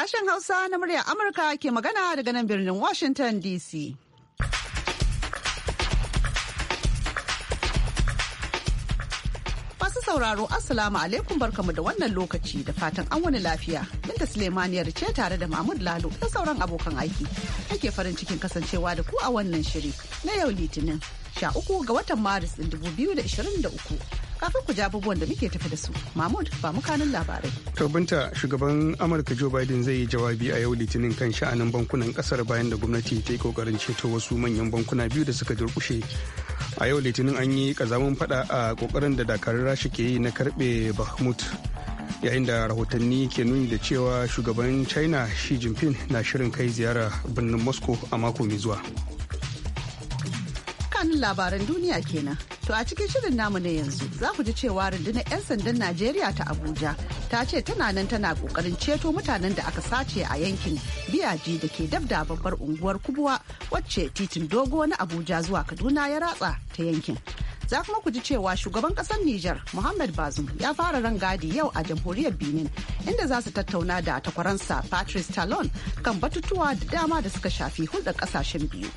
Sashen Hausa na muryar Amurka ke magana daga nan birnin Washington DC. Masu sauraro Assalamu alaikum barkamu da wannan lokaci da fatan an wani lafiya. Binta Suleimaniyar ce tare da Mahmud Lalo da sauran abokan aiki. Ake farin cikin kasancewa da ku a wannan shiri na yau Litinin. Sha uku ga watan Maris 2023. kafin ku ji abubuwan da muke tafi da su mahmud ba mukanin labarai tarbinta shugaban amurka joe biden zai yi jawabi a yau litinin kan sha'anin bankunan kasar bayan da gwamnati ta yi kokarin ceto wasu manyan bankuna biyu da suka durkushe a yau litinin an yi kazamin fada a kokarin da dakarun rasha ke yi na karbe bahmut yayin da rahotanni ke nuni da cewa shugaban china shi jinping na shirin kai ziyara birnin moscow a mako mai zuwa labaran duniya kenan. To a cikin shirin namu na yanzu za ku ji cewa rundunar 'yan sandan Najeriya ta Abuja ta ce tana nan tana kokarin ceto mutanen da aka sace a yankin biyaji da ke dab babbar unguwar kubuwa wacce titin dogo na Abuja zuwa Kaduna ya ratsa ta yankin. za kuma ku ji cewa shugaban kasar Nijar Muhammad Bazum ya fara rangadi yau a jamhuriyar Benin inda za su tattauna da takwaransa Patrice Talon kan batutuwa da dama da suka shafi hulɗar ƙasashen biyu.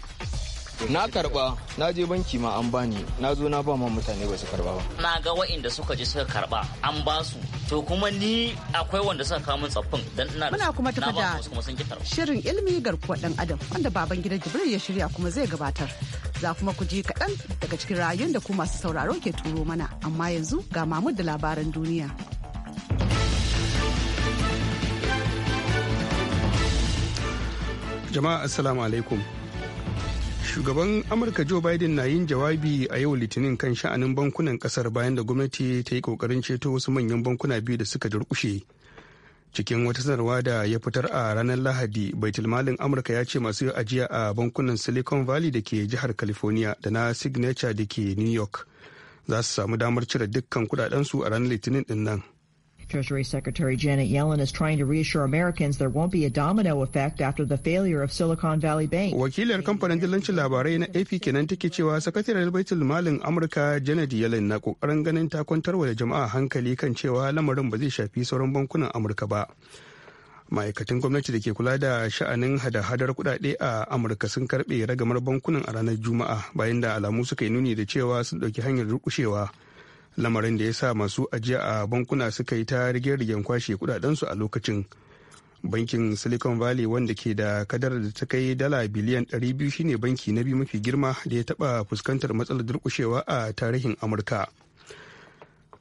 na karba na je banki ma an bani na zo na ba ma mutane ba su karba ba na ga wa'inda suka je suka karba an ba su to kuma ni akwai wanda suka kawo min tsaffin dan ina muna kuma tafi da shirin ilimi garkuwa dan adam wanda baban gidan jibril ya shirya kuma zai gabatar za kuma ku ji kaɗan daga cikin rayuwar da ku masu sauraro ke turo mana amma yanzu ga mamud da labaran duniya jama'a assalamu alaikum shugaban amurka joe biden na yin jawabi a yau litinin kan sha'anin bankunan kasar bayan da gwamnati ta yi kokarin ceto wasu manyan bankuna biyu da suka durkushe cikin wata sanarwa da ya fitar a ranar lahadi baitulmalin amurka ya ce masu ajiya a bankunan silicon valley da ke jihar california da na signature da ke new york za su samu damar cire dukkan kudadensu a ranar litinin din nan Treasury Secretary Janet Yellen is trying to reassure Americans there won't be a domino effect after the failure of Silicon Valley Bank. Wakilar kamfanin dillancin labarai na AP kenan take cewa sakataren baitul malin Amurka Janet Yellen na kokarin ganin ta kwantarwa da jama'a hankali kan cewa lamarin ba zai shafi sauran bankunan Amurka ba. ma'aikatan gwamnati da ke kula da sha'anin hada-hadar kudade a amurka sun karbe ragamar bankunan a ranar juma'a bayan da alamu suka yi nuni da cewa sun dauki hanyar rukushewa lamarin da ya sa masu ajiya a bankuna suka yi ta rigen-rigen kwashe kudadensu a lokacin bankin silicon valley wanda ke da kadar da ta kai dala biliyan 200 shine banki na biyu mafi girma da ya taba fuskantar matsalar durkushewa a tarihin amurka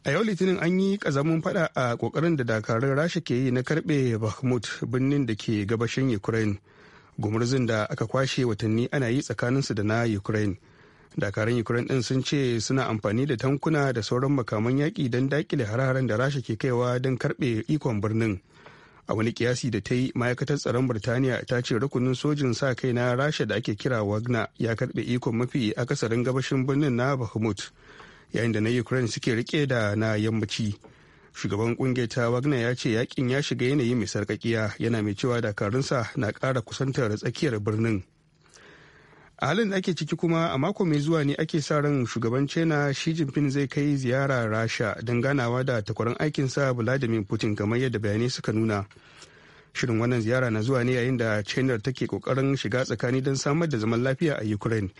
a yau litinin an yi kazamin fada a kokarin da dakarun rasha ke yi na karbe bakhmut birnin da ke gabashin ukraine gumurzin da aka kwashe watanni ana yi tsakaninsu da na ukraine dakarun ukraine din sun ce suna amfani da tankuna da sauran makaman yaki don dakile har-haren da rasha ke kaiwa don karbe ikon birnin a wani kiyasi da ta yi ma'aikatar tsaron birtaniya ta ce rukunin sojin sa kai na rasha da ake kira wagner ya karbe ikon mafi akasarin gabashin birnin na bahmut yayin da na ukraine suke rike da na yammaci shugaban kungiyar ta wagner ya ce yakin ya shiga yanayi mai sarkakiya yana mai cewa dakarunsa na kara kusantar tsakiyar birnin a halin da ake ciki kuma a mako mai zuwa ne ake sa ran shugaban china shi jinping zai kai ziyara rasha don ganawa da aikin sa vladimir putin kamar yadda bayanai suka nuna shirin wannan ziyara na zuwa ne yayin da china take kokarin shiga tsakani don samar da zaman lafiya a ukraine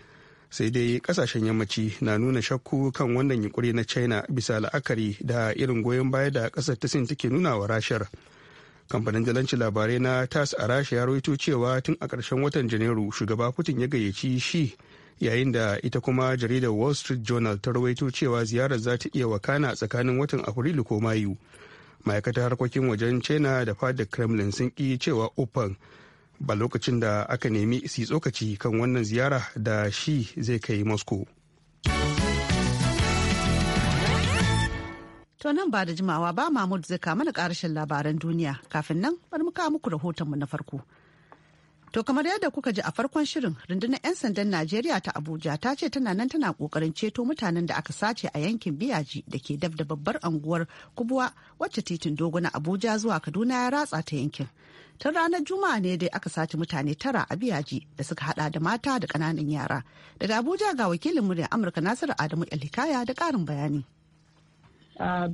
sai dai kasashen yammaci na nuna shakku kan wannan yunkuri na china bisa la'akari da irin goyon baya da kasar ta sin take nuna wa rashar kamfanin jalanci labarai na tas a rasha ya rawaito cewa tun a ƙarshen watan janairu shugaba putin ya gayyaci shi yayin da ita kuma jaridar wall street journal ta rawaito cewa ziyarar za ta iya wakana tsakanin watan afrilu ko mayu ma'aikata harkokin wajen china da fadar kremlin sun ki cewa open ba lokacin da aka nemi su tsokaci kan wannan ziyara da shi zai kai moscow To nan ba da jimawa ba Mahmud zai kama da karashin labaran duniya kafin nan bari mu kawo muku rahotonmu na farko. To kamar yadda kuka ji a farkon shirin rundunar 'yan sandan Najeriya ta Abuja ta ce tana nan tana kokarin ceto mutanen da aka sace a yankin Biyaji da ke dab da babbar anguwar Kubuwa wacce titin na Abuja zuwa Kaduna ya ratsa ta yankin. Tun ranar Juma'a ne dai aka sace mutane tara a Biyaji da suka hada da mata da kananan yara. Daga Abuja ga wakilin murya Amurka Nasiru Adamu Elhikaya da karin bayani. Ah,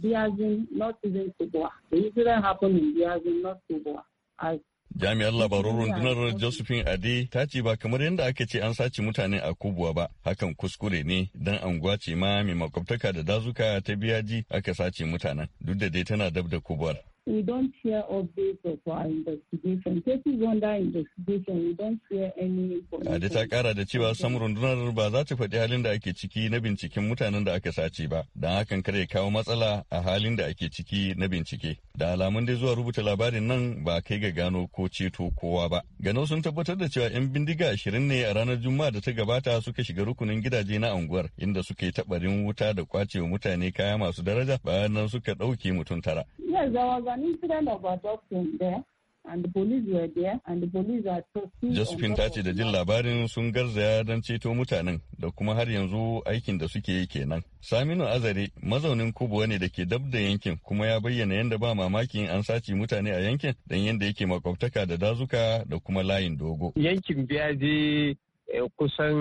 Jami'ar labarun rundunar Josephine Ade ta ce ba kamar yadda aka ce an sace mutane a Kubuwa ba, hakan kuskure ne don anguwa ce ma mai makwabtaka da dazuka ta biyaji aka sace mutanen duk da dai tana dab da Kubuwar. we don't hear updates of our investigation. Cases under investigation, we don't hear any information. ta kara da cewa sam rundunar ba za ta faɗi halin da ake ciki na binciken mutanen da aka sace ba, don hakan kare kawo matsala a halin da ake ciki na bincike. Da alamun dai zuwa rubuta labarin nan ba kai ga gano ko ceto kowa ba. gano sun tabbatar da cewa 'yan bindiga ashirin ne a ranar Juma'a da ta gabata suka shiga rukunin gidaje na unguwar inda suka yi taɓarin wuta da kwacewa mutane kaya masu daraja bayan nan suka ɗauke mutum tara. Yes, there was an incident of abduction there. and the police were there and the police are Josephine ta ce da jin labarin sun garzaya don ceto mutanen da kuma har yanzu aikin da suke yi kenan. Saminu Azare mazaunin Kubuwa ne da ke dab da yankin kuma ya bayyana yadda ba mamakin an sace mutane a yankin don yadda yake makwabtaka da dazuka da kuma layin dogo. Yankin biyaje Eh, kusan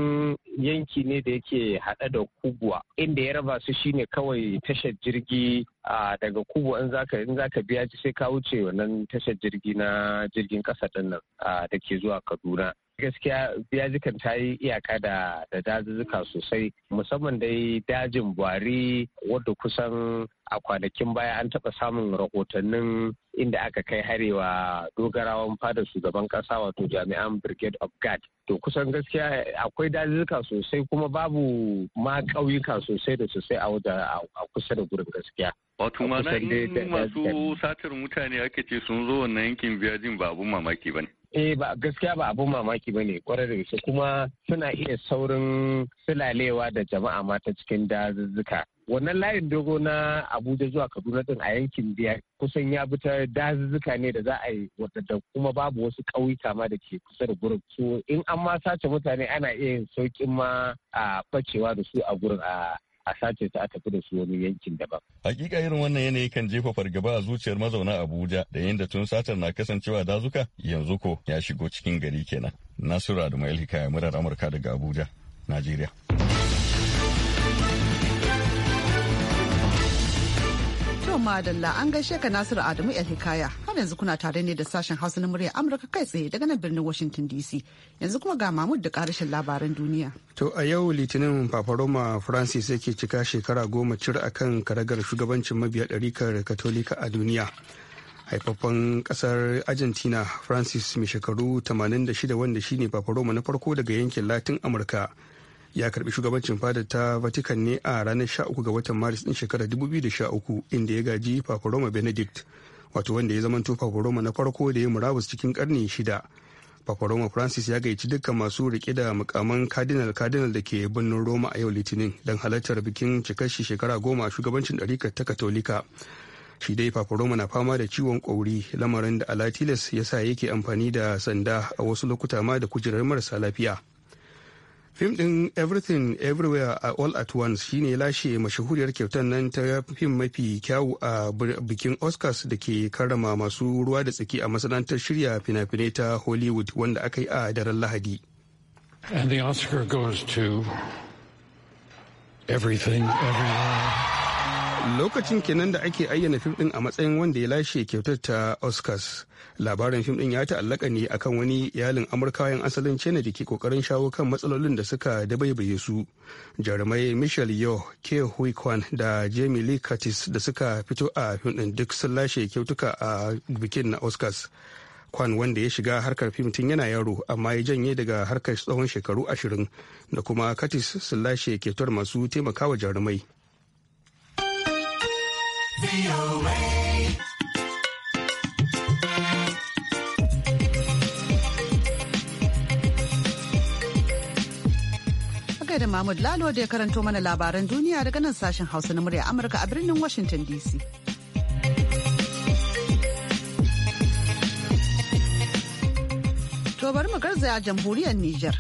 yanki ne da yake hada da kubwa inda ya raba su shine kawai tashar jirgi daga kubwa in zaka in zaka biya sai ka wuce wannan tashar jirgi na jirgin kasa din nan da ke zuwa kaduna gaskiya yajikan ta yi iyaka da da dazuzzuka sosai musamman dai dajin buhari wadda kusan a kwanakin baya an taɓa samun rahotannin inda aka kai harewa dogarawan fadar shugaban ƙasa wato jami'an brigade of guard to kusan gaskiya akwai dazuzzuka sosai kuma babu ma ƙauyuka sosai da sosai a wajen a kusa da gurin gaskiya wato ma masu satar mutane ake ce sun zo wannan yankin biyajin ba abun mamaki ba ne eh ba gaskiya ba abun mamaki ba ne kwarai da gaske kuma suna iya saurin filalewa da jama'a mata cikin dazuzzuka wannan layin dogo na abuja zuwa kaduna din a yankin biya kusan ya bi ta dazuzzuka ne da za a yi wadanda kuma babu wasu ƙauyuka ma da ke kusa da gurin so in an ma sace mutane ana iya yin sauƙin ma a bacewa da su a gurin a a sace su a tafi da su wani yankin daban. Hakika irin wannan yanayi kan jefa fargaba a zuciyar mazauna Abuja da yadda tun satar na kasancewa dazuka yanzu ko ya shigo cikin gari kenan. Nasiru Adamu Hikaya murar Amurka daga Abuja, Najeriya. To madalla an gaishe ka Nasiru Adamu El Hikaya har yanzu kuna tare ne da sashen Hausa na murya Amurka kai tsaye daga nan birnin Washington DC. Yanzu kuma ga Mahmud da karashin labaran duniya. To a yau Litinin Paparoma Francis yake cika shekara goma cir akan karagar shugabancin mabiya ɗarikar Katolika a duniya. Haifaffen kasar Argentina Francis mai shekaru 86 wanda shine Paparoma na farko daga yankin Latin Amurka. ya karbi shugabancin fadar ta vatican ne a ranar 13 ga watan maris din shekarar 2013 inda ya gaji fafaroma benedict wato wanda ya zamanto fafaroma na farko da ya murabus cikin karni shida fafaroma francis ya gaici dukkan masu rike da mukaman cardinal cardinal da ke birnin roma a yau litinin don halartar bikin cikashi shekara goma a shugabancin ɗarikar ta katolika shi dai fafaroma na fama da ciwon kwauri lamarin da alatilas ya sa yake amfani da sanda a wasu lokuta ma da kujerar marasa lafiya fim ɗin everything everywhere uh, all at once shine lashe mashahuriyar kyautar nan ta fim mafi kyawu a bikin oscars da ke karrama masu ruwa da tsaki a masana'antar shirya fina-finai ta hollywood wanda aka yi a daren lahadi and the oscar goes to everything everywhere lokacin kenan da ake ayyana fim din a matsayin wanda ya lashe kyautar ta oscars labarin fim din ya ta'allaka ne akan wani iyalin yan asalin china da ke kokarin shawo kan matsalolin da suka dabaibaye su jarumai michelle yo ke hui kwan da jamie lee curtis da suka fito a fim din duk sun lashe kyautuka a bikin na oscars kwan wanda ya shiga harkar fim tun yana yaro amma ya janye daga harkar tsawon shekaru ashirin da kuma curtis sun lashe kyautar masu taimakawa jarumai da Mahmud Lalo da ya karanto mana labaran duniya daga nan sashen Hausa na murya Amurka a birnin Washington DC. To bari mu garzaya jamhuriyar Nijar.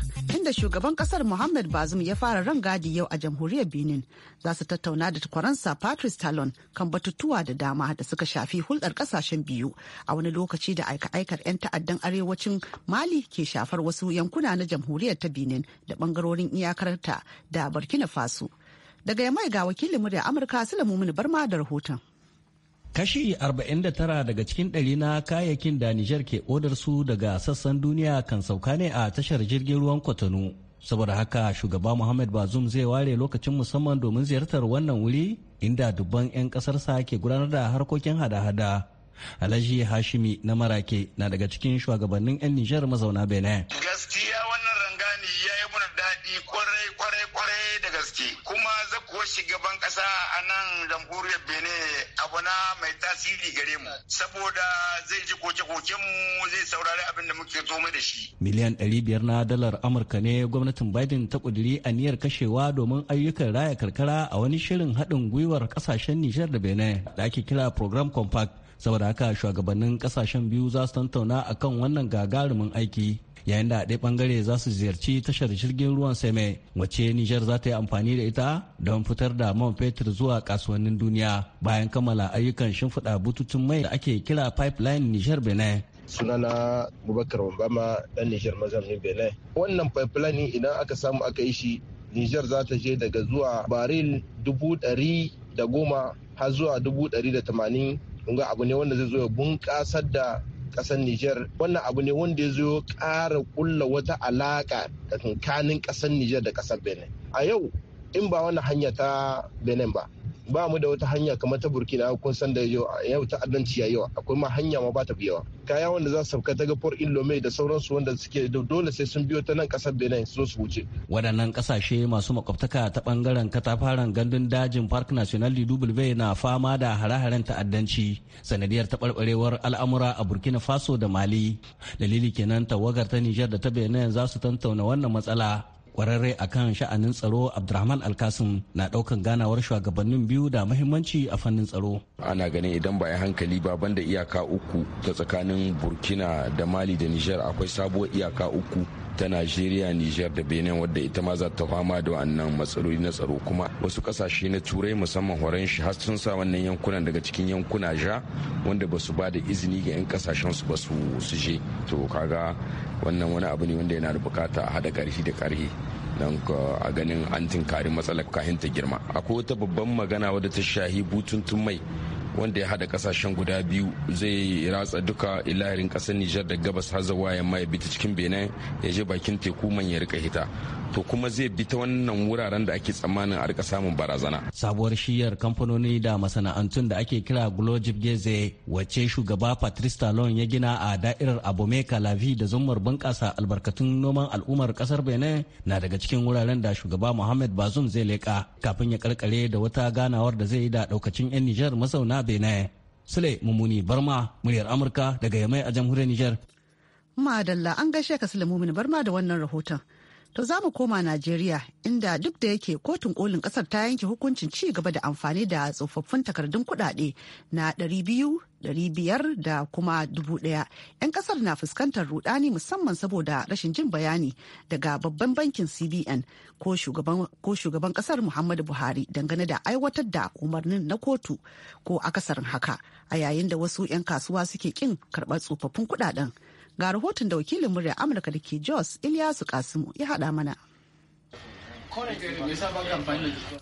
da shugaban kasar Muhammad Bazum ya fara rangadi yau a jamhuriyar Benin za su tattauna da takwaransa Patrice Talon kan batutuwa da dama da suka shafi hulɗar kasashen biyu a wani lokaci da aika-aikar 'yan ta'addan arewacin Mali ke shafar wasu yankuna na jamhuriyar ta Benin da bangarorin iyakarta da Burkina Faso. Daga yamai ga wakilin murya Amurka Sulaimu Barma da rahoton. Kashi 49 daga cikin ɗari na kayayyakin da Nijar ke odar su daga sassan duniya kan sauka ne a tashar jirgin ruwan Kwatano. Saboda haka shugaba Muhammad Bazum zai ware lokacin musamman domin ziyartar wannan wuri inda dubban 'yan ƙasarsa ke gudanar da harkokin hada-hada. Alhaji Hashimi na Marake na daga cikin shugabannin 'yan Nijar mazauna Benin. Gaskiya shugaban ƙasa a nan jamhuriyar bene abu na mai tasiri gare mu saboda zai ji koke-koken mu zai saurari abin da muke zoma da shi. Miliyan ɗari biyar na dalar Amurka ne gwamnatin Biden ta ƙudiri aniyar kashewa domin ayyukan raya karkara a wani shirin haɗin gwiwar ƙasashen Nijar da bene, da ake kira Program Compact. saboda haka shugabannin kasashen biyu za su tantauna akan wannan gagarumin aiki yayin da a ɗaya ɓangare za su ziyarci tashar jirgin ruwan seme wacce nijar za ta yi amfani da ita don fitar da man fetur zuwa kasuwannin duniya bayan kammala ayyukan shimfiɗa bututun mai da ake kira pipeline nijar benin sunana bubakar wambama dan nijar mazaunin benin wannan pipeline idan aka samu aka yi shi nijar za ta je daga zuwa baril dubu ɗari da goma har zuwa dubu ɗari da tamanin kunga abu ne wanda zai zo ya bunƙasar da kasar Nijar wannan abu ne wanda ya zo ƙara kulla wata alaƙa da tsakanin kasar Nijar da kasar Benin a yau in ba wani hanya ta Benin ba ba mu da wata hanya kamar ta burkina kun san da yau ta'addanci ya yawa akwai ma hanya ma ba ta biyawa kaya wanda za su sauka daga port ilome da sauransu wanda suke da dole sai sun biyo ta nan kasar benin su su wuce waɗannan ƙasashe masu makwabtaka ta ɓangaren katafaren gandun dajin park national dubulbe na fama da hare-haren ta'addanci sanadiyar taɓarɓarewar al'amura a burkina faso da mali dalili kenan tawagar ta nijar da ta benin za su tantauna wannan matsala kwararre akan sha'anin tsaro abdurrahman alkasim na daukan ganawar shugabannin biyu da muhimmanci a fannin tsaro ana ganin idan ba hankali ba banda iyaka uku ta tsakanin burkina da mali da niger akwai sabuwar iyaka uku ta Najeriya, Nijar da Benin wadda ita ma za ta fama da wannan matsaloli na tsaro kuma wasu kasashe na turai musamman horon shi har sun sa wannan yankunan daga cikin yankuna ja wanda ba su ba da izini ga 'yan kasashen su ba su je to kaga wannan wani abu ne wanda yana da bukata a hada karfi da karfi don a ganin an tinkari matsalar kahinta ta girma akwai wata babban magana wadda ta shahi bututun mai wanda ya hada kasashen guda biyu zai ratsa duka ilahirin kasar nijar da gabas har zuwa yamma ya bi ta cikin benin ya je bakin teku man ya rika hita to kuma zai bi ta wannan wuraren da ake tsammanin a samun barazana sabuwar shiyar kamfanoni da masana'antun da ake kira glojib geze wace shugaba patrice talon ya gina a da'irar abomeka lavi da zumar bunkasa albarkatun noman al'ummar kasar benin na daga cikin wuraren da shugaba muhammad bazum zai leƙa kafin ya karkare da wata ganawar da zai yi da daukacin yan nijar masauna benin sule mummuni barma muryar amurka daga yamai a jamhuriyar nijar madalla an gaishe ka sule mummuni barma da wannan rahoton To za mu koma Najeriya inda duk da yake kotun kolin kasar ta yanke hukuncin ci gaba da amfani da tsofaffin takardun kudade na 200,500 biyar da kuma 1000. 'Yan kasar na fuskantar rudani musamman saboda rashin jin bayani daga babban bankin CBN ko shugaban kasar Muhammadu Buhari dangane da aiwatar da umarnin na kotu ko akasarin haka a yayin da wasu 'yan kasuwa suke kin karɓar tsofaffin kudaden. Ga rahoton da wakilin murya Amurka da ke Jos Ilyasu Kasimu ya hada mana.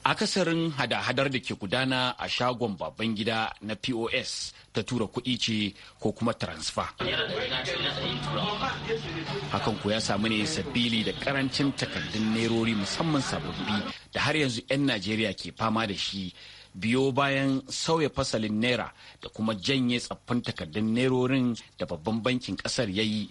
Akasarin hada-hadar da ke gudana a shagon babban gida na POS ta tura kuɗi ce ko kuma transfer. Hakan ku ya samu ne sabili da karancin takardun nerori musamman sababbi da har yanzu 'yan Najeriya ke fama da shi biyo bayan sauya fasalin naira da kuma janye tsaffin takardun nerorin da babban bankin kasar ya yi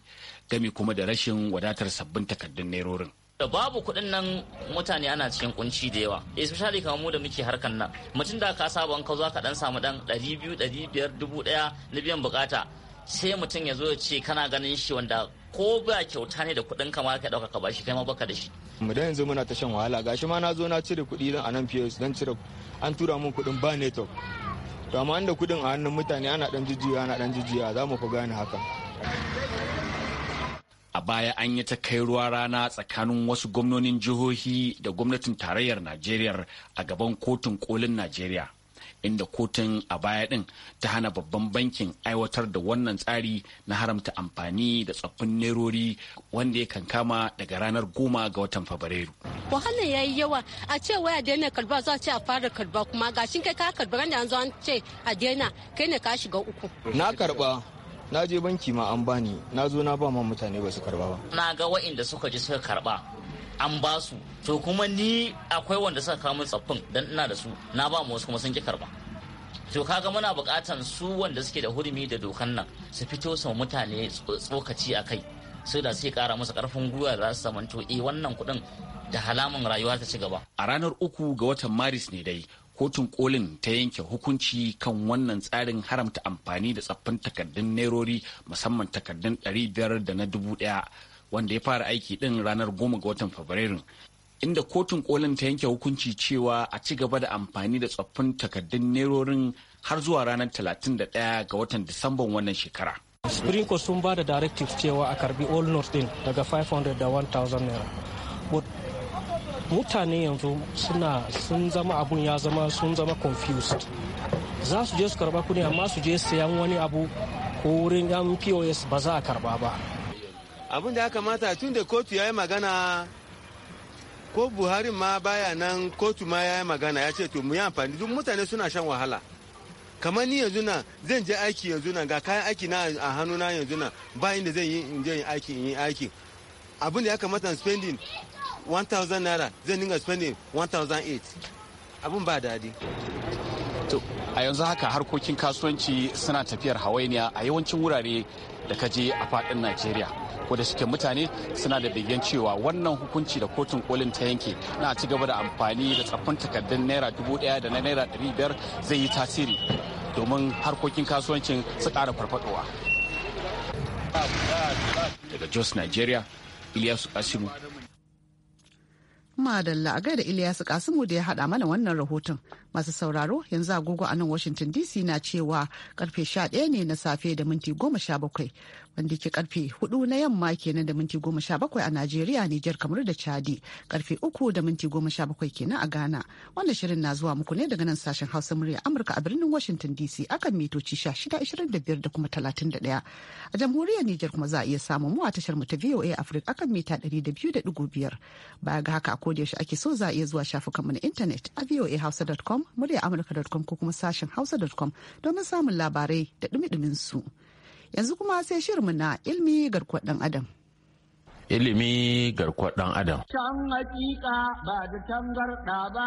gami kuma da rashin wadatar sabbin takardun nerorin. da babu kuɗin nan mutane ana cikin kunci da yawa especially kamar mu da muke harkan nan mutum da ka saba ka zo ka dan samu dan 200 500 1000 na biyan bukata sai mutum ya zo ya ce kana ganin shi wanda ko ba kyauta ne da kuɗin kama ka ɗauka ka bashi kai ma baka da shi. mu da yanzu muna ta shan wahala gashi ma na zo na cire kuɗi don a nan don cire an tura mun kuɗin ba network to amma inda kuɗin a hannun mutane ana ɗan jijiya ana ɗan jijiya za mu fi gane haka. a baya an yi ta kai ruwa rana tsakanin wasu gwamnonin jihohi da gwamnatin tarayyar najeriya a gaban kotun kolin najeriya inda kotun a baya din ta hana babban bankin aiwatar da wannan tsari na haramta amfani da tsaffin nerori wanda ya kankama daga ranar goma ga watan fabrairu wahalar ya yi yawa a ce waya daina karba za a ce a fara karba kuma ga shi kai ka karba ranar yanzu an an ce a daina kai ne ka shiga uku na karba na je banki ma an bani na zo na ba ma mutane ba su karba ba na ga wa'inda suka je suka karba an ba su to kuma ni akwai wanda suka kawo min tsaffin dan ina da su na ba mu wasu kuma sun ki karba to kaga muna bukatan su wanda suke da hurumi da dokan nan su fito su mutane tsokaci a kai sai da sai kara masa karfin gwiwa da za su to eh wannan kuɗin da halaman rayuwa ta ci gaba a ranar uku ga watan maris ne dai kotun kolin ta yanke hukunci kan wannan tsarin haramta amfani da tsaffin takardun nerori musamman takardun 500 da na dubu wanda ya fara aiki din ranar goma ga watan fabrairu inda kotun kolin ta yanke hukunci cewa a ci gaba da amfani da tsoffin takardun nerorin har zuwa ranar 31 ga watan disamban wannan shekara supreme court sun ba da directive cewa a karbi all north din daga 500 da 1000 naira mutane yanzu suna sun zama abun ya zama sun zama confused za su je su karba kudi amma su je sayan wani abu ko wurin yan pos ba za a karba ba abin da ya kamata tun da kotu ya yi magana ko buhari ma baya nan kotu ma ya yi magana ya ce to mu yi amfani duk mutane suna shan wahala kamar ni yanzu na zan je aiki yanzu na ga kayan aiki na a hannu na yanzu na bayan da zan yi in je aiki in yi aiki abin da ya kamata spending 1000 naira zan dinga spending 1008 abin ba daɗi a yanzu haka harkokin kasuwanci suna tafiyar hawainiya a yawancin wurare da ka je a faɗin najeriya ko da suke mutane suna da begen cewa wannan hukunci da kotun kolin ta yanke na ci gaba da amfani da tsaffin takardun naira dubu daya da na naira dari biyar zai yi tasiri domin harkokin kasuwancin su ƙara farfadowa daga jos nigeria ilyasu asimu Madalla a gaida Ilyasu Kasimu da ya haɗa mana wannan rahoton. Masu sauraro yanzu agogo a nan Washington DC na cewa karfe 11 ne na safe da minti 17. wanda ke karfe hudu na yamma kenan da minti goma sha bakwai a Najeriya, Nijar, kamar da Chadi, karfe uku da minti goma sha bakwai kenan a Ghana. Wanda shirin na zuwa muku ne daga nan sashen Hausa murya Amurka a birnin Washington DC akan mitoci sha 1625 da kuma talatin da daya A jamhuriyar Nijar kuma za a iya samun mu a tashar mu ta VOA Africa akan mita biyu da biyar Baya ga haka a koda yaushe ake so za a iya zuwa shafukanmu na intanet a voahausa.com, murya amurka.com ko kuma sashen hausa.com domin samun labarai da dumi su. yanzu kuma sai shirmu na ilmi garkuwar ɗan adam ilimi garkuwar ɗan adam. Can hakika ba da tangarɗa ba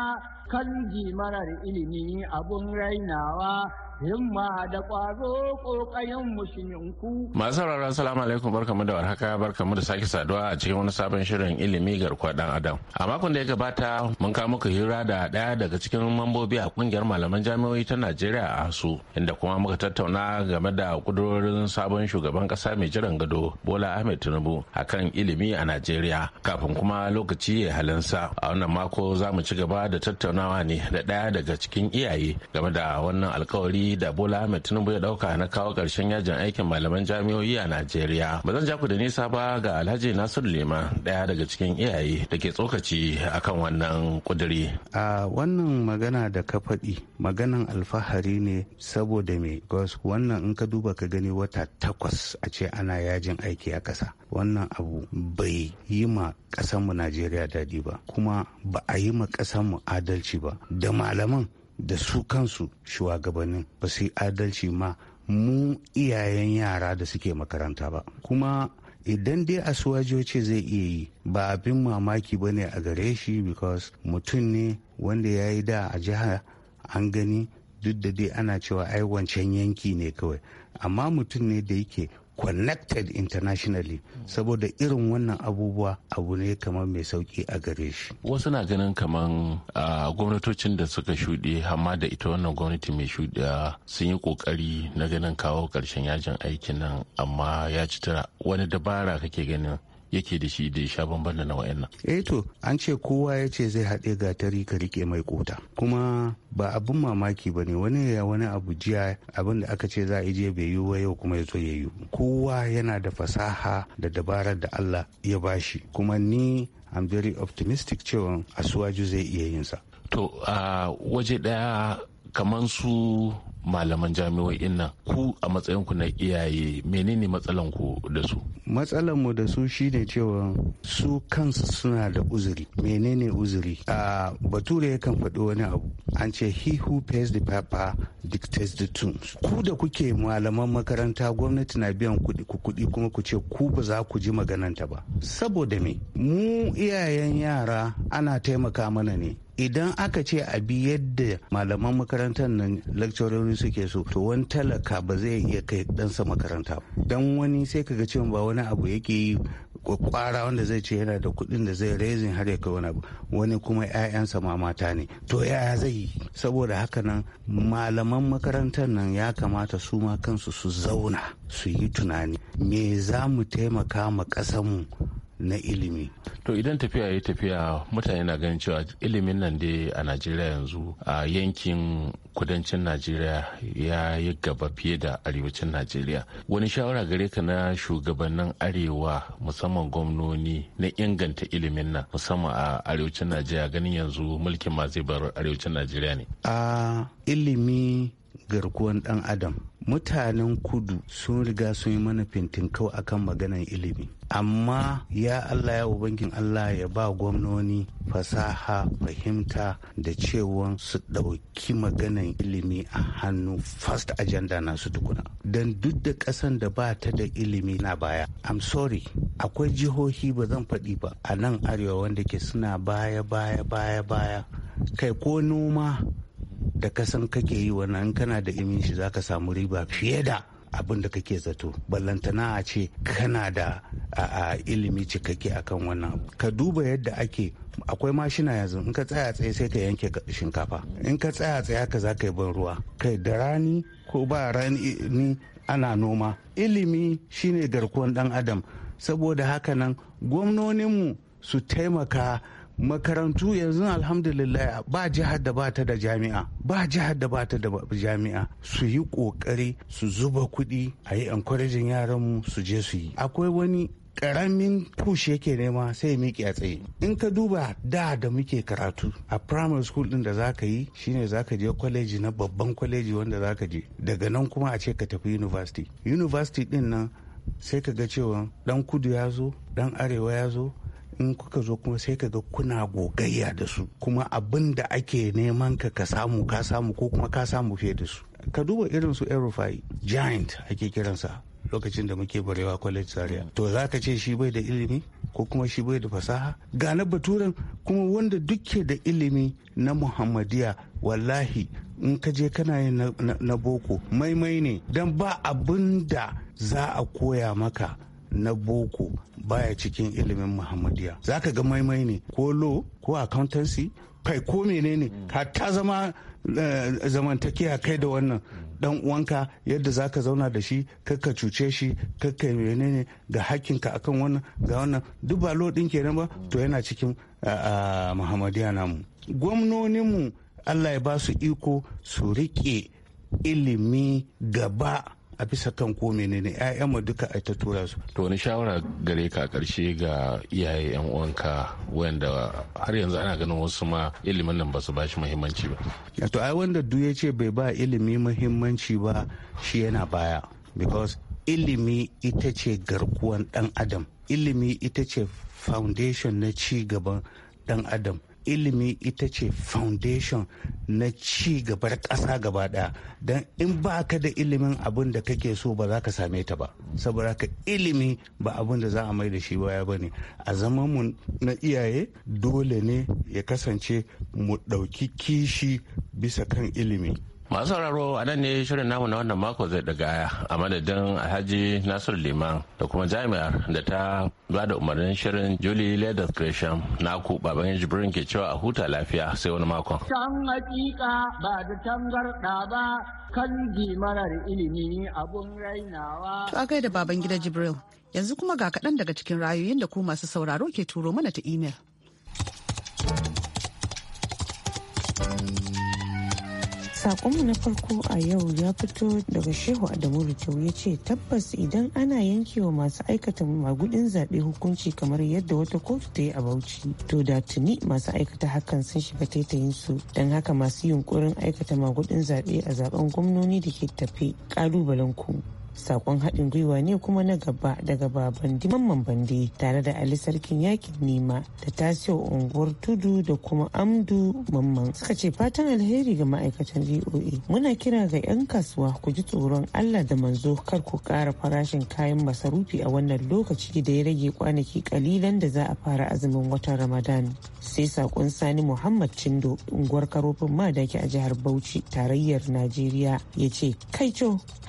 kan marar ilimi abun rainawa himma da ƙwazo ƙoƙayen mushinku. Masu sauraron salamu alaikum barkamu da warhaka barkamu da sake saduwa a cikin wani sabon shirin ilimi garkuwa dan adam. A makon da ya gabata mun kawo ka hira da ɗaya daga cikin mambobi a ƙungiyar malaman jami'o'i ta Najeriya a su inda kuma muka tattauna game da kudurorin sabon shugaban ƙasa mai jiran gado Bola Ahmed Tinubu a kan ilimi a Najeriya kafin kuma lokaci ya halinsa. A wannan mako za mu ci gaba da tattaunawa ne da ɗaya daga cikin iyaye game da wannan alkawari da bola ahmed tinubu ya dauka na kawo karshen yajin aikin malaman jami'o'i a najeriya ba zan ja ku da nisa ba ga alhaji nasiru lema daya daga cikin iyaye da ke tsokaci akan wannan kuduri a wannan magana da ka faɗi maganan alfahari ne saboda me wannan in ka duba ka gani wata takwas a ce ana yajin aiki a ƙasa wannan abu bai yi ma ƙasanmu najeriya daɗi ba kuma ba a yi ma ƙasanmu adalci ba da malaman da su kansu shugabannin ba su yi adalci ma mu iyayen yara da suke makaranta ba kuma idan dai asuwajoce zai iya yi ba abin mamaki ba ne a gare shi because mutum ne wanda ya yi da a jiha an gani duk da dai ana cewa ai wancan yanki ne kawai amma mutum ne da yake connected internationally saboda irin wannan abubuwa abu ne kamar mai sauki a gare shi wasu na ganin kamar gwamnatocin da suka shuɗe amma da ita wannan gwamnati mai shuɗe sun yi ƙoƙari na ganin kawo ƙarshen yajin aikin nan amma ya ci tara wani dabara kake ganin yake da shi da sha bamban da na wa'annan. eh to an ce kowa ya ce zai haɗe gatari ka rike mai kota kuma ba abin mamaki ba ne wani ya wani abu jiya abin da aka ce za a je bai yiwu yau kuma ya zo ya yiwu kowa yana da fasaha da dabarar da Allah ya bashi kuma ni I'm very optimistic cewa asuwaju zai iya yin sa To a waje ɗaya kamar su malaman jami'o'in nan ku a matsayin na iyaye menene matsalan ku da su matsalan mu da su shine cewa su kansu suna da uzuri menene uzuri a bature yakan faɗi wani abu an ce he who pays the paper dictates the tunes ku da kuke malaman makaranta gwamnati na biyan kuɗi ku kuɗi kuma ku ce ku ba za ku ji magananta ba saboda me mu iyayen yara ana taimaka mana ne idan aka ce a bi yadda malaman makarantar nan lakcarori suke so to wani talaka ba zai iya kai ɗansa makaranta dan wani sai kaga cewa ba wani abu yake yi kwara wanda zai ce yana da kuɗin da zai raising har ya kai wani abu wani kuma 'ya'yansa ma mata ne to yaya zai yi saboda haka nan malaman makarantar nan ya kamata su ma kansu su zauna su yi tunani me za mu taimaka ma mu. na ilimi. To idan tafiya ya tafiya mutane na ganin cewa ilimin nan dai a Najeriya yanzu a yankin kudancin Najeriya ya yi gaba fiye da arewacin Najeriya. Wani shawara gare ka na shugabannin arewa musamman gwamnoni na inganta ilimin nan musamman a arewacin Najeriya ganin yanzu mulkin ma zai bar arewacin Najeriya ne. A ilimi garkuwan dan adam mutanen kudu sun riga sun yi mana fintin fintinkau akan maganar ilimi amma ya allah ya ubangin allah ya ba gwamnoni fasaha fahimta da cewa su ɗauki maganar ilimi a hannu first agenda na su tukuna don duk da ƙasan da ba ta da ilimi na baya i'm sorry akwai jihohi ba zan faɗi ba a nan arewa wanda ke suna baya baya baya baya kai ko noma da ka san kake yi wannan kana da imin shi zaka samu riba fiye da abin da kake zato ballantana a ce kana da ilimi cikakke akan wannan ka duba yadda ake akwai mashina yanzu in ka tsaya tsaye sai ka yanke shinkafa in ka tsaya tsaye haka za ka yi ban ruwa kai da rani ko ba rani ana noma ilimi shine garkuwan dan adam saboda haka nan gwamnoninmu su taimaka makarantu yanzu alhamdulillah ba jihar da bata da jami'a ba jihar da bata da jami'a su yi kokari su zuba kuɗi a yi yaran yaranmu su je su yi akwai wani karamin push yake nema sai miƙe a tsaye in ka duba da da muke karatu a primary school din da zaka yi shine zaka je kwaleji na babban kwaleji wanda zaka je daga nan kuma a ce ka tafi university university din nan sai ka ga cewa dan kudu ya zo dan arewa ya zo in kuka zo kuma sai ka ga kuna gogayya da su kuma abin da ake neman ka ka samu ka samu ko kuma ka samu fiye da su ka duba irin su erufai giant ake kiransa lokacin da muke barewa college zaria to za ka ce shi bai da ilimi ko kuma shi bai da fasaha ga na baturen kuma wanda duke da ilimi na muhammadiya wallahi in ka je kana yi na boko maimai ne don ba abin da za a koya maka na boko baya cikin ilimin muhammadiya ka ga maimai ne ko lo ko accountancy kai ko menene hatta zama eh, zamantakiya kai da wannan dan uwanka yadda za ka zauna da shi kakka cuce shi kakka menene ga hakkinka akan wannan ga wannan duk ba lo ke kenan ba to yana cikin muhammadiya namu gwamnoninmu allah ya ba su iko su riƙe ilimi gaba a bisa kan ko menene mu duka a ta tura su to wani shawara gare ka karshe ga iyaye yan uwanka wanda har yanzu ana ganin wasu ma ilimin nan ba su bashi muhimmanci ba to ai wanda du ya ce bai ba ilimi muhimmanci ba shi yana baya because ilimi ita ce garkuwan dan adam ilimi ita ce foundation na ci gaban dan adam ilimi ita ce foundation na ci gabar ƙasa gaba ɗaya don in ba ka da ilimin abin da kake so ba za ka same ta ba saboda ka ilimi ba abin da za a mai da shi baya ba ne a mu na iyaye dole ne ya kasance mu ɗauki kishi bisa kan ilimi masu sauraro a nan ne shirin namu na wannan mako zai daga aya a madadin alhaji nasir liman da kuma jami'ar da ta ba da umarnin shirin julie leather gresham na ku baban jibrin ke cewa a huta lafiya sai wani makon can hakika ba da tangarda ba kan marar ilimi abun rainawa to a da baban gida jibril yanzu kuma ga kaɗan daga cikin rayoyin da ku masu sauraro ke turo mana ta imel. Sakonmu na farko a yau ya fito daga Shehu Adamu Rikau ya ce tabbas idan ana yankewa masu aikata magudin zaɓe hukunci kamar yadda wata kotu ta yi a Bauchi to da tuni masu aikata hakan sun shiga taitayin su don haka masu yunkurin aikata magudin zaɓe a zaben gwamnoni da ke tafe ƙalubalen ku sakon haɗin gwiwa ne kuma na gaba daga babandi mamman bandi tare da ali sarkin yakin nima da tasio unguwar tudu da kuma amdu mamman suka ce fatan alheri ga ma'aikatan voa muna kira ga 'yan kasuwa ku ji tsoron allah da manzo kar ku ƙara farashin kayan masarufi a wannan lokaci da ya rage kwanaki kalilan da za a fara azumin watan ramadan sai sakon sani muhammad cindo unguwar karofin madaki a jihar bauchi tarayyar najeriya ya ce kai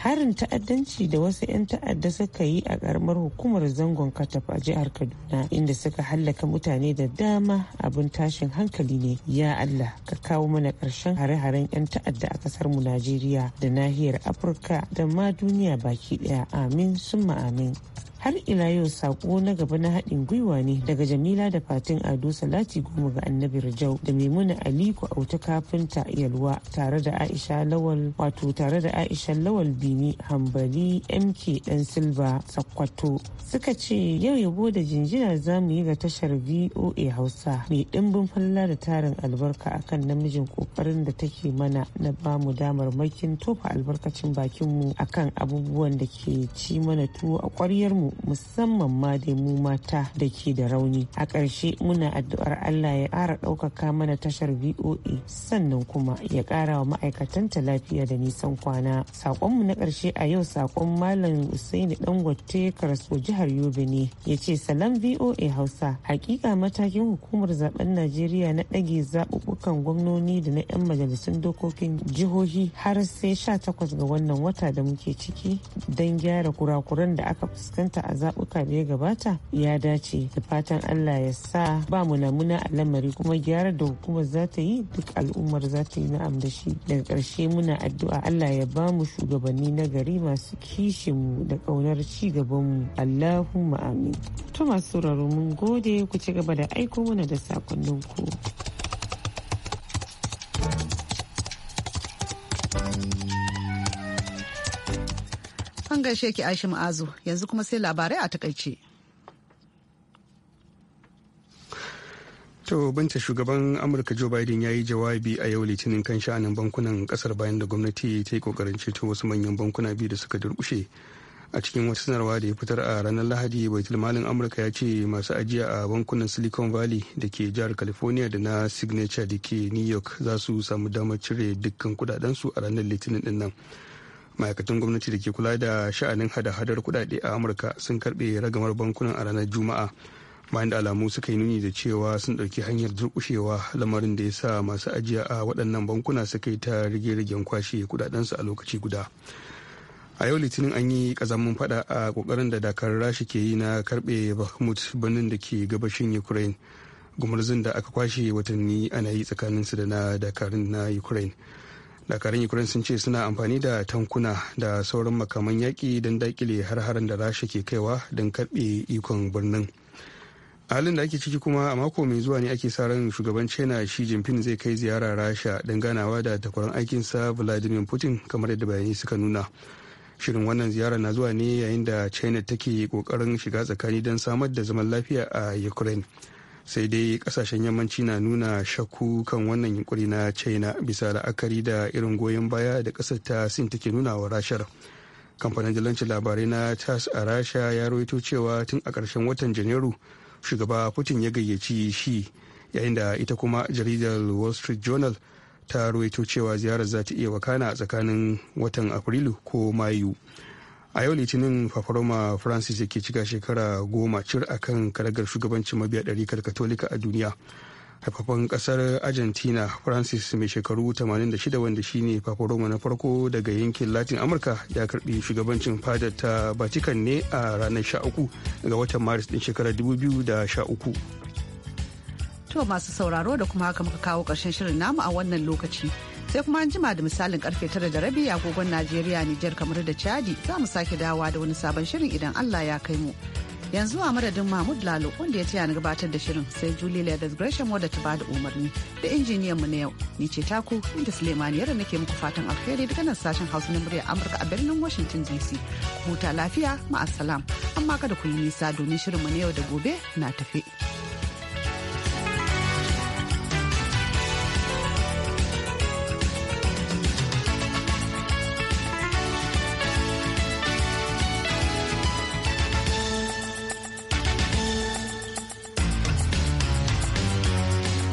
harin ta'addanci fashi da wasu 'yan ta'adda suka yi a karamar hukumar zangon kataf a jihar kaduna inda suka hallaka mutane da dama abin tashin hankali ne ya allah ka kawo mana karshen hare-haren 'yan ta'adda a kasar mu najeriya da nahiyar afirka da ma duniya baki ɗaya amin summa amin har ila yau sako na gaba na haɗin gwiwa ne daga jamila da fatin ado salati goma ga annabi rajau da maimuna aliko auta kafinta yalwa tare da aisha lawal wato tare da aisha lawal bini hambali mk dan silva sakwato suka ce yau yabo da jinjina za mu yi ga tashar voa hausa mai ɗimbin falla da tarin albarka akan namijin ƙoƙarin da take mana na ba mu damar makin tofa albarkacin bakinmu akan abubuwan da ke ci mana tuwo a ƙwaryarmu musamman ma dai mu mata da ke da rauni a ƙarshe muna addu'ar allah ya ƙara ɗaukaka mana tashar voa sannan kuma ya ƙara wa ma'aikatanta lafiya da nisan kwana saƙonmu na ƙarshe a yau saƙon malam usaini dangote Karaso jihar yobe ne ya ce salam voa hausa hakika matakin hukumar zaben najeriya na ɗage zaɓuɓɓukan gwamnoni da na 'yan majalisun dokokin jihohi har sai sha takwas ga wannan wata da muke ciki don gyara kurakuran da aka fuskanta ta a zaɓuka da ya gabata ya dace da fatan allah ya sa ba munamuna a lamari kuma gyara da hukumar za ta yi duk al'ummar za ta yi na'am da shi daga ƙarshe muna addu'a allah ya ba mu shugabanni na gari masu mu da ƙaunar ci gabanmu allahumma amin to masu sauraro mun gode ku ci gaba da aiko mana da sakonninku. mun gaishe ki Aisha Ma'azu yanzu kuma sai labarai a takaice. To banta shugaban Amurka Joe Biden ya yi jawabi a yau litinin kan sha'anin bankunan kasar bayan da gwamnati ta yi kokarin ceto wasu manyan bankuna biyu da suka durkushe. A cikin wata sanarwa da ya fitar a ranar Lahadi, baitul malin Amurka ya ce masu ajiya a bankunan Silicon Valley da ke jihar California da na Signature da ke New York za su samu damar cire dukkan kudadensu a ranar litinin dinnan. ma'aikatan gwamnati da ke kula da sha'anin hada-hadar kudade a amurka sun karbe ragamar bankunan a ranar juma'a bayan da alamu suka yi nuni da cewa sun ɗauki hanyar durkushewa lamarin da ya sa masu ajiya a waɗannan bankuna suka yi ta rige-rigen kwashe kudadensu a lokaci guda a yau litinin an yi kazamin fada a kokarin da dakar rashi ke yi na karbe bakhmut birnin da ke gabashin ukraine gumurzin da aka kwashe watanni ana yi tsakaninsu da na dakarun na ukraine dakarun ukraine sun ce suna amfani da tankuna da sauran makaman yaƙi don dakile har-haren da rasha ke kaiwa don karɓe ikon birnin halin da ake ciki kuma a mako mai zuwa ne ake sa ran shugaban china shi jinping zai kai ziyara rasha don ganawa da takwaran aikinsa vladimir putin kamar yadda bayani suka nuna shirin wannan ziyara na zuwa ne yayin da china take kokarin shiga tsakani don samar da zaman lafiya a ukraine sai dai kasashen yammanci na nuna shakku kan wannan yunkuri na china bisa la'akari da irin goyon baya da kasar ta sin take nuna wa rashar kamfanin dalancin labarai na tas a rasha ya rawaito cewa tun a ƙarshen watan janairu shugaba putin ya gayyaci shi yayin da ita kuma jaridar wall street journal ta rawaito cewa ziyarar za ta iya wakana a tsakanin watan afrilu ko mayu a yau litinin faforoma francis yake cika shekara goma cir a kan karagar shugabancin mabiya ɗari katolika a duniya haifafan kasar argentina francis mai shekaru 86 wanda shine faforoma na farko daga yankin latin amurka ya karbi shugabancin fadar ta vatican ne a ranar 13 ga watan maris din shekarar 2013 To masu sauraro da kuma haka muka kawo ƙarshen shirin namu a wannan lokaci sai kuma an jima da misalin karfe tara da rabi agogon najeriya nijar kamar da chadi za mu sake dawowa da wani sabon shirin idan allah ya kai mu yanzu a madadin mahmud lalo wanda ya taya na gabatar da shirin sai julie leathers gresham wadda ta bada umarni da injiniyan mu na yau ni ce taku inda suleiman yara nake muku fatan alheri daga nan sashen hausa na murya amurka a birnin washington dc huta lafiya ma'asalam amma kada ku yi nisa domin shirin mu na yau da gobe na tafe.